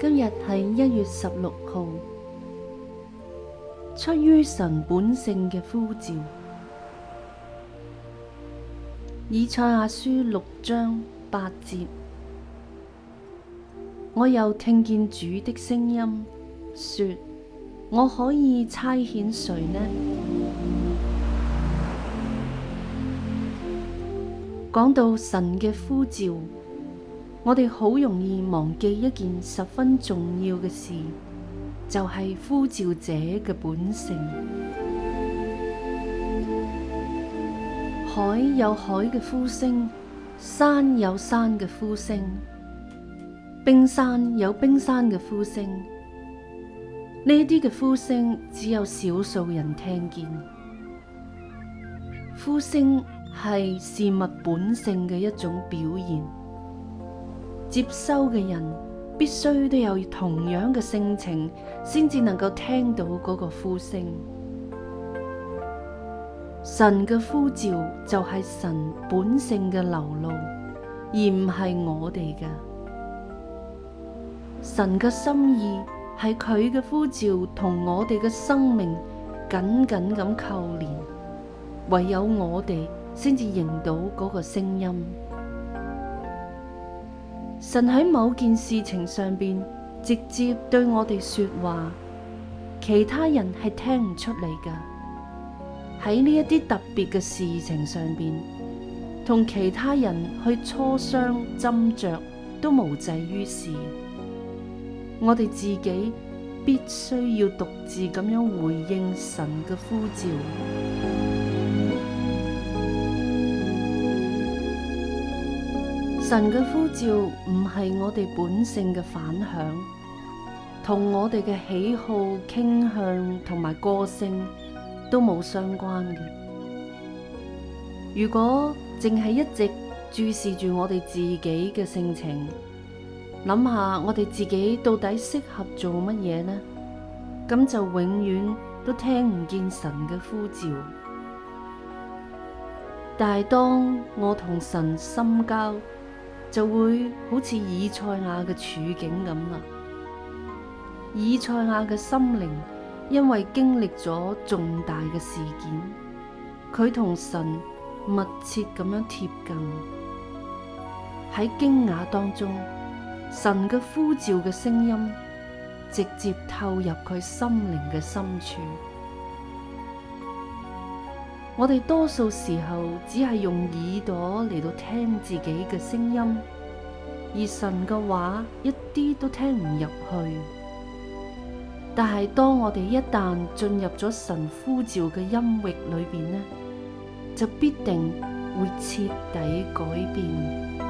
今日係一月十六號，出於神本性嘅呼召，以賽亞書六章八節，我又聽見主的聲音，說我可以差遣誰呢？講到神嘅呼召。我哋好容易忘記一件十分重要嘅事，就係呼召者嘅本性。海有海嘅呼聲，山有山嘅呼聲，冰山有冰山嘅呼聲。呢啲嘅呼聲只有少數人聽見。呼聲係事物本性嘅一種表現。接收嘅人必須都有同樣嘅性情，先至能夠聽到嗰個呼聲。神嘅呼召就係神本性嘅流露，而唔係我哋嘅。神嘅心意係佢嘅呼召同我哋嘅生命緊緊咁扣連，唯有我哋先至認到嗰個聲音。神喺某件事情上邊直接對我哋說話，其他人係聽唔出嚟噶。喺呢一啲特別嘅事情上邊，同其他人去磋商斟酌都無濟於事。我哋自己必須要獨自咁樣回應神嘅呼召。神嘅呼召唔係我哋本性嘅反響，同我哋嘅喜好、傾向同埋個性都冇相關嘅。如果淨係一直注視住我哋自己嘅性情，諗下我哋自己到底適合做乜嘢呢？咁就永遠都聽唔見神嘅呼召。但係當我同神深交，就會好似以賽亞嘅處境咁啦。以賽亞嘅心靈因為經歷咗重大嘅事件，佢同神密切咁樣貼近。喺驚訝當中，神嘅呼召嘅聲音直接透入佢心靈嘅深處。我哋多數時候只係用耳朵嚟到聽自己嘅聲音，而神嘅話一啲都聽唔入去。但係當我哋一旦進入咗神呼召嘅音域裏邊呢，就必定會徹底改變。